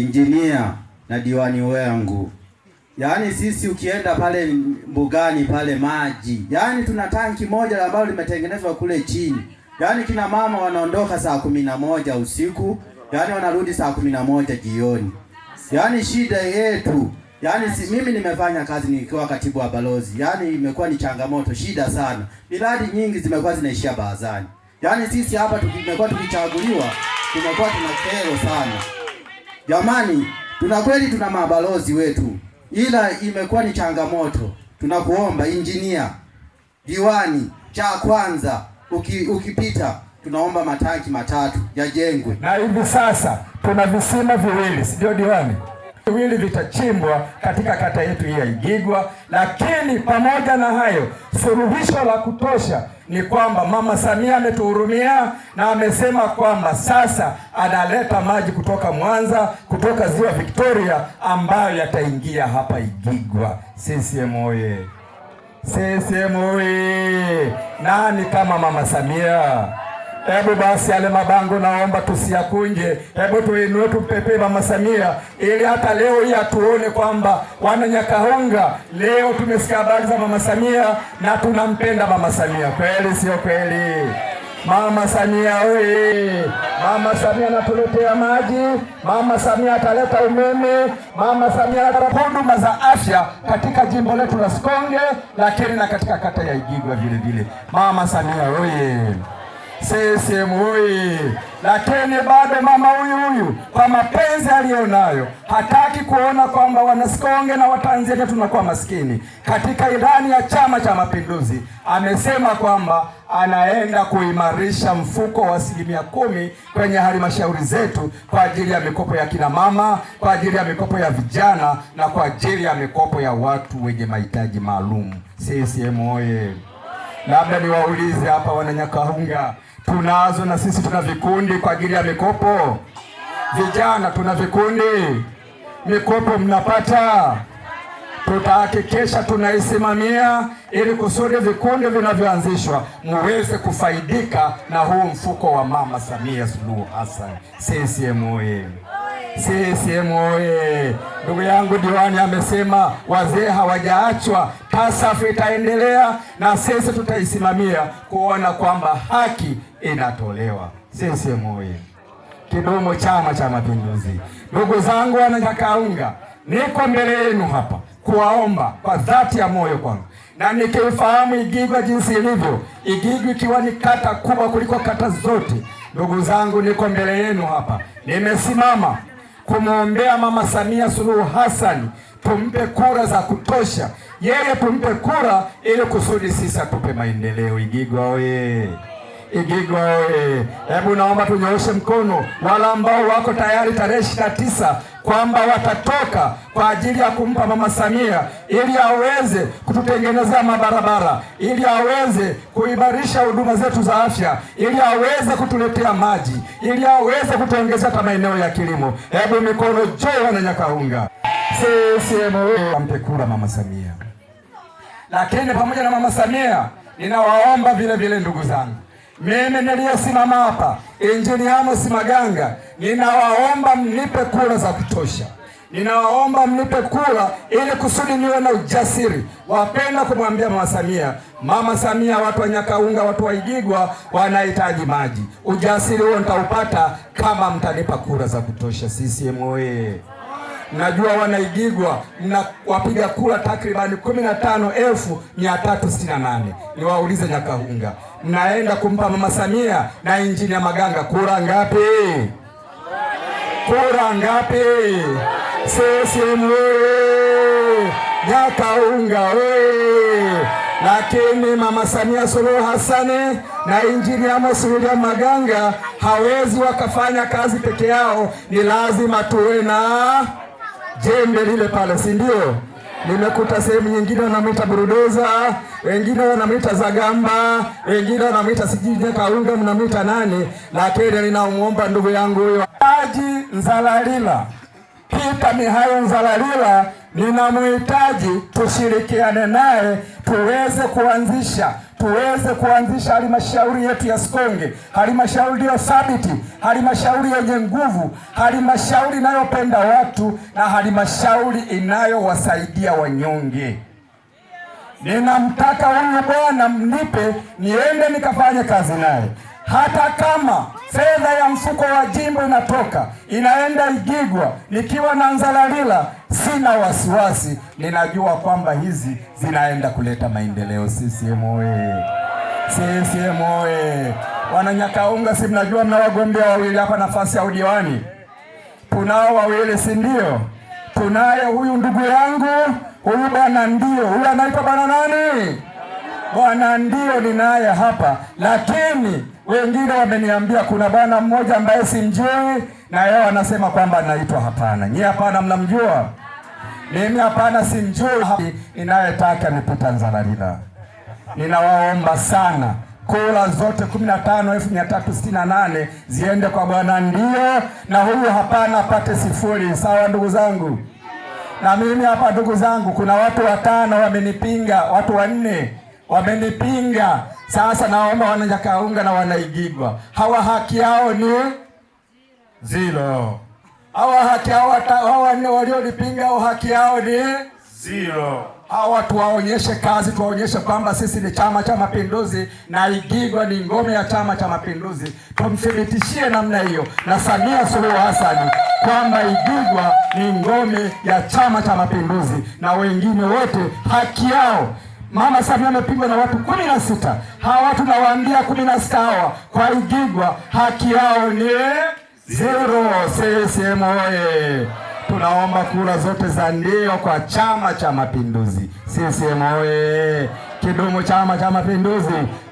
injinia na diwani wangu. Yaani sisi ukienda pale mbugani pale maji, yaani tuna tanki moja ambalo limetengenezwa kule chini. Yaani kina mama wanaondoka saa kumi na moja usiku, yaani wanarudi saa kumi na moja jioni. Yaani shida yetu Yaani si, mimi nimefanya kazi nikiwa katibu wa balozi. Yaani imekuwa ni changamoto shida sana. Miradi nyingi zimekuwa zinaishia barazani. Yaani sisi hapa tumekuwa tukichaguliwa, tumekuwa tuna kero sana. Jamani, tuna kweli tuna mabalozi wetu, ila imekuwa ni changamoto. Tunakuomba injinia, diwani, cha kwanza uki, ukipita tunaomba matanki matatu yajengwe, na hivi sasa tuna visima viwili, sio diwani? viwili vitachimbwa katika kata yetu hii ya Igigwa. Lakini pamoja na hayo, suluhisho la kutosha ni kwamba Mama Samia ametuhurumia na amesema kwamba sasa analeta maji kutoka Mwanza, kutoka ziwa Victoria ambayo yataingia hapa Igigwa. CCM oye! CCM oye! Nani kama Mama Samia? Hebu basi yale mabango naomba tusiyakunje, hebu tuinue tumpepee Mama Samia, ili hata leo hii atuone kwamba wana Nyakahonga leo tumesikia habari za Mama Samia na tunampenda Mama Samia. Kweli sio kweli? Mama Samia oye! Mama Samia anatuletea maji, Mama Samia ataleta umeme, Mama Samia ataleta huduma za afya katika jimbo letu la Sikonge, lakini na katika kata ya Igigwa vile vile. Mama Samia oye! CCM oye! Lakini bado mama huyu huyu kwa mapenzi aliyonayo hataki kuona kwamba Wanasikonge na Watanzania tunakuwa maskini. Katika ilani ya Chama cha Mapinduzi amesema kwamba anaenda kuimarisha mfuko wa asilimia kumi kwenye halmashauri zetu kwa ajili ya mikopo ya kina mama, kwa ajili ya mikopo ya vijana na kwa ajili ya mikopo ya watu wenye mahitaji maalum. CCM oye! Labda niwaulize hapa Wananyakahunga Tunazo na sisi tuna vikundi kwa ajili ya mikopo. Vijana tuna vikundi, mikopo mnapata, tutahakikisha tunaisimamia ili kusudi vikundi vinavyoanzishwa muweze kufaidika na huu mfuko wa Mama Samia Suluhu Hassan. CCM oyee! CCM oye! Ndugu yangu diwani amesema wazee hawajaachwa, TASAFU itaendelea na sisi tutaisimamia kuona kwamba haki inatolewa. CCM oye! Kidumu Chama cha Mapinduzi! Ndugu zangu wananyakaunga, niko mbele yenu hapa kuwaomba kwa dhati ya moyo kwangu na nikifahamu Igigwa jinsi ilivyo, Igigwa ikiwa ni kata kubwa kuliko kata zote. Ndugu zangu, niko mbele yenu hapa, nimesimama kumwombea Mama Samia Suluhu Hassan, tumpe kura za kutosha, yeye tumpe kura ili kusudi sisi atupe maendeleo. Igigwa oye! Igigwa oye! Eh, hebu naomba tunyooshe mkono wala ambao wako tayari tarehe ishirini na tisa kwamba watatoka kwa ajili ya kumpa Mama Samia ili aweze kututengenezea mabarabara, ili aweze kuimarisha huduma zetu za afya, ili aweze kutuletea maji, ili aweze kutuongezea hata maeneo ya kilimo. Hebu mikono juu, wana Nyakaunga! Ampe kura Mama Samia. Lakini pamoja na Mama Samia, ninawaomba vile vile ndugu zangu mimi niliyesimama hapa, Injili Amos Maganga, ninawaomba mnipe kura za kutosha, ninawaomba mnipe kura ili kusudi niwe na ujasiri. Wapenda kumwambia mama Samia, mama Samia, watu wa Nyakaunga, watu wa Igigwa wanahitaji maji. Ujasiri huo nitaupata kama mtanipa kura za kutosha. CCM oyee! najua wanaigigwa na wapiga kura takribani kumi na tano elfu mia tatu sitini na nane. Niwaulize Nyakahunga, naenda kumpa Mama Samia na Injinia Maganga kura ngapi? Kura ngapi? Sisiemu weye, Nyakaunga Lakini Mama Samia Suluhu Hassani na Injinia Amos William Maganga hawezi wakafanya kazi peke yao, ni lazima tuwe na jembe lile pale, si ndio? Nimekuta sehemu nyingine wanamwita burudoza, wengine wanamwita zagamba, wengine wanamwita sijui kaunga, mnamwita nani, lakini ninamuomba ndugu yangu huyo aji Nzalalila, Pita Mihayo Nzalalila ninamhitaji, tushirikiane naye tuweze kuanzisha tuweze kuanzisha halmashauri yetu ya Sikonge, halmashauri iliyo thabiti, halmashauri yenye nguvu, halmashauri inayopenda watu na halmashauri inayowasaidia wanyonge. Ninamtaka huyu bwana mnipe niende nikafanye kazi naye, hata kama fedha ya mfuko wa jimbo inatoka inaenda Igigwa, nikiwa na Nzalalila Sina wasiwasi, ninajua kwamba hizi zinaenda kuleta maendeleo. CCM oye! CCM oye! Wananyakaunga, si mnajua mna wagombea wawili hapa nafasi ya udiwani, tunao wawili, si ndio? Tunaye huyu ndugu yangu huyu bwana, ndio huyu anaitwa bwana nani? Bwana ndio ninaye hapa, lakini wengine wameniambia kuna bwana mmoja ambaye simjui na yeye anasema kwamba naitwa. Hapana, nyie hapana, mnamjua mimi? Hapana, simjui. Inayetaka ni Peter Ninawaomba sana kura zote 15,368 ziende kwa bwana ndio, na huyu hapana apate sifuri. Sawa ndugu zangu? Na mimi hapa ndugu zangu, kuna watu watano wamenipinga, watu wanne wamenipinga. Sasa naomba wananyakaunga na wanaigigwa, hawa haki yao ni zero. Hawa haki hawa waliolipinga au haki yao ni zero. Hawa tuwaonyeshe kazi, tuwaonyeshe kwamba sisi ni Chama cha Mapinduzi na Igigwa ni ngome ya Chama cha Mapinduzi. Tumthibitishie namna hiyo na Samia Suluhu Hassan kwamba Igigwa ni ngome ya Chama cha Mapinduzi na wengine wote haki yao Mama Samia amepigwa na watu kumi na sita. Hawa watu nawaambia kumi na sita hawa kwa Igigwa haki yao ni zero. CCM oye! Tunaomba kura zote za ndio kwa Chama cha Mapinduzi. CCM oye! Kidumu Chama cha Mapinduzi!